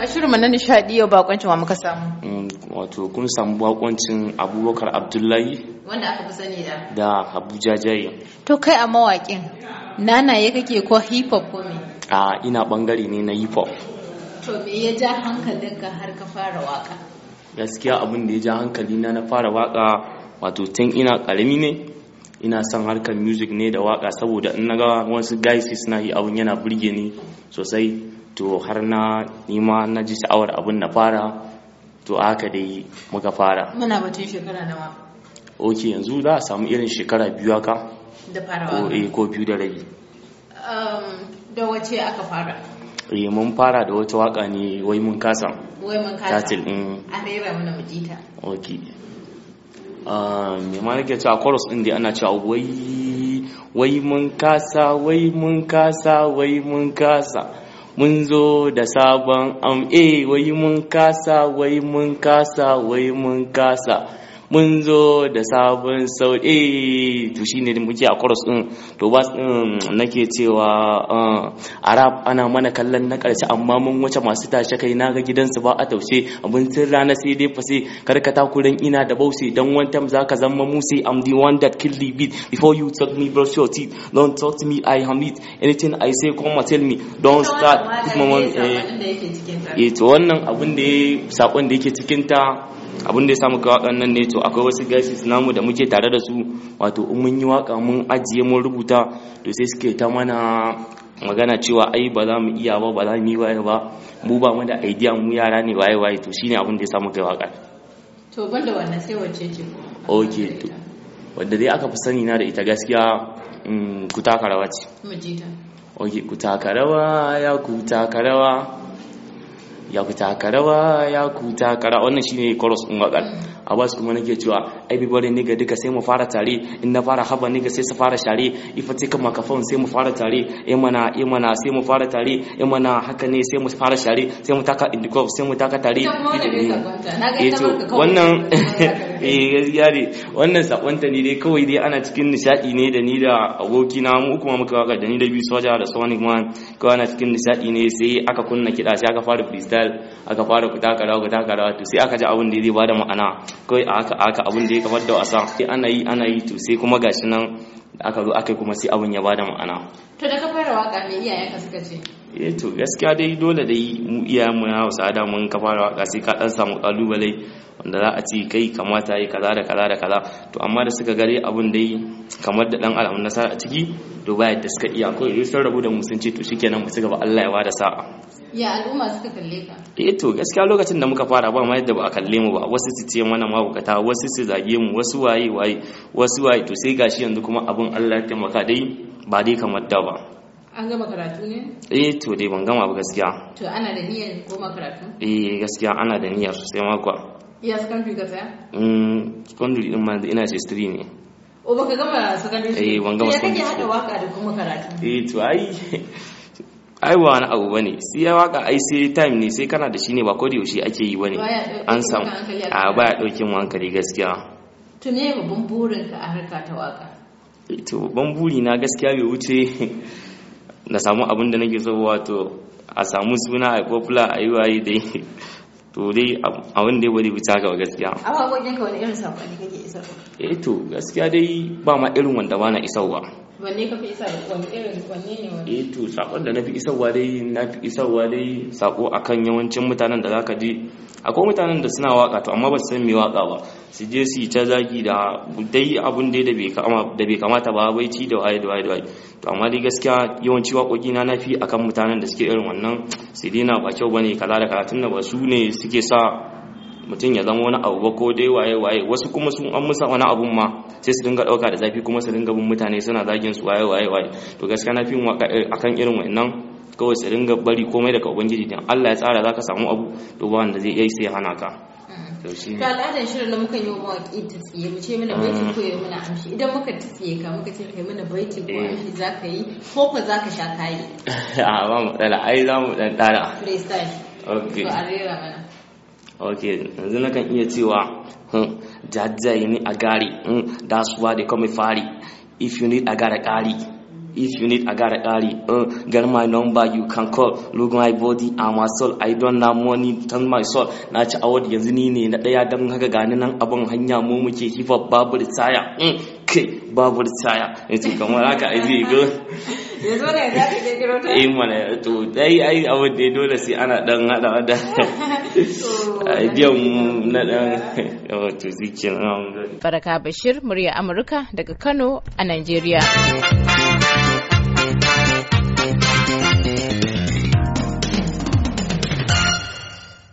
a shirin na nishadi yau bakoncin wa muka samu. Mm, wato kun samu bakoncin Abubakar Abdullahi. Wanda aka fi sani da. Da Abuja Jaye. To kai a mawakin nana ya kake ko hip hop ko me? A ina bangare ne na hip hop. To me ya ja hankalinka har ka fara waka? Gaskiya abin da ya ja hankali na na fara waka wato tun ina ƙarami ne ina son harkar music ne da waka saboda in naga wasu guys suna yi abun yana burge ni sosai to har na nima na ji sha'awar abun na fara to haka dai muka fara muna batun shekara nawa ok yanzu za a samu irin shekara biyu haka da farawa ko eh, biyu da rabi um, da wace aka fara eh mun fara da wata waka ne wai mun kasa wai mun kasa tatil din a rera mana mujita ok me ma nake cewa chorus din dai ana cewa wai wai mun kasa wai mun kasa wai mun kasa mun zo da sabon am eh wai mun kasa wai mun kasa wai mun kasa mun zo da sabon sau to to shine muke a kwaros ɗin to bas na nake cewa arab ah, ana mana kallon na karshe amma mun wace masu tashe kai na ga gidansu ba a taushe abincin rana sai dai fase karkata kuren ina da bause don one time ka zama musi i'm the one that killed the beat before you talk me brush your teeth don't talk to me i am it anything i say come and tell me don't start kuma wannan abin da ya sakon da yake cikinta. Eh, abin da ya samu kawo waɗannan ne to akwai wasu gasis namu da muke tare da su wato in mun yi waka mun ajiye mun rubuta to sai suke ta mana magana cewa ai ba za mu iya ba ba za mu yi waye ba mu ba mu da idea mu yara ne waye waye to shine abin da ya samu kai waka to banda wannan sai wacce ce okay to wanda dai aka fi sani na da ita gaskiya mm, kuta karawa ce mu okay ya kuta karawa ya ku takarawa ya ku takara wannan shine chorus din wakar abbas kuma nake cewa everybody nigga duka sai mu fara tare in na fara haba nigga sai su fara share ifa take makafon sai mu fara tare in mana in mana sai mu fara tare in mana haka ne sai mu fara share sai mu taka club sai mu taka tare eh, eh wannan eh gaskiya ne wannan sakonta ne dai kawai dai ana cikin nishadi ne da ni da aboki na mu kuma muka waka da ni da biyu soja da sonic man kawai ana cikin nishadi ne sai aka kunna kida sai aka fara freestyle halal aka fara ku takarawa ku takarawa to sai aka ji abin da zai bada ma'ana kai a aka abin da ya kamar da wasa sai ana yi ana yi to sai kuma gashi nan da aka zo aka kuma sai abin ya bada ma'ana to da ka fara waka me ka suka ce eh to gaskiya dai dole dai mu iyayen mu na Hausa da mun ka fara waka sai ka dan samu kalubale wanda za a ci kai kamata yi kaza da kaza da kaza to amma da suka gare abun dai kamar da dan alamun nasara a ciki to ba yadda suka iya ko yi sun rabu da musunci, sun to shikenan mu ci gaba Allah ya wada sa'a ya al'umma suka kalle ka eh to gaskiya lokacin da muka fara ba ma yadda ba a kalle mu ba wasu su ce mana mabukata wasu su zage mu wasu waye waye wasu waye to sai gashi yanzu kuma abun Allah ya taimaka dai ba dai kamar da ba an gama karatu ne? eh to dai ban gama ba gaskiya to ana da niyyar goma karatu? eh gaskiya ana da niyyar sai makwa iya secondary ka saya mm secondary din ma ina history ne o oh, baka gama secondary eh ban gama secondary ya kake hada waka da kuma karatu eh to ai ai wa wani abu bane sai ya waka ai sai time ne sai kana da shi ne ba ko da yaushe ake yi bane an samu a baya daukin hankali gaskiya to me babban burin ka a harka ta waka eh, to babban buri na gaskiya bai wuce na samu abin da nake so wato a samu suna a popular a yi dai to dai a wanda ya wani bita ga gaskiya a waƙoƙin kawai wani irin saƙonni kake isarwa eh to gaskiya dai ba ma irin wanda ba na isarwa wanne ka fi isa irin wanne ne wani. eh to sakon da na fi isarwa dai na fi isarwa dai sako akan yawancin mutanen da zaka ji akwai mutanen da suna waka to amma ba su san me waka ba su je su yi ta zagi da dai abun dai da bai kamata ba bai ci da waye da waye da waye to amma dai gaskiya yawanci wakoki na na fi akan mutanen da suke irin wannan su dina ba kyau bane kala da karatun da ba su ne suke sa mutum ya zama wani abu ba ko dai waye waye wasu kuma sun an musa wani abun ma sai su dinga dauka da zafi kuma su dinga bin mutane suna zagin su waye waye waye to gaskiya na fi akan irin wannan kawai su dinga bari komai daga ubangiji dan Allah ya tsara zaka samu abu to ba wanda zai yi sai hana ka to shi al'adan shirin da muka yi wa waƙi ta tsiye mu ce mana baiti mm. ko ya mana amshi idan muka ta tsiye ka muka ce kai mana baiti ko eh. amshi zaka yi ko ko zaka sha kayi a ba mu dala ai za mu dan dala freestyle okay to a rera mana ok yanzu na kan iya cewa hmm, jajaye ni a gari that's why they call me fari if you need a gara kari If you need agar agaragari, uh, get my number, you can call. Look my body and my soul. I don't know money, turn my soul. Na ci award yanzu ni ne na daya dan haka gani nan abin hanya mu muke hip hop babu ritaya. Mm, kai babu ritaya. Yace kamar haka ai zai go. Yanzu ne za ka je kiro ta. Eh mana to dai ai abin da dole sai ana dan hada da. Biyan na dan to zikin. Baraka Bashir murya Amurka daga Kano a Nigeria.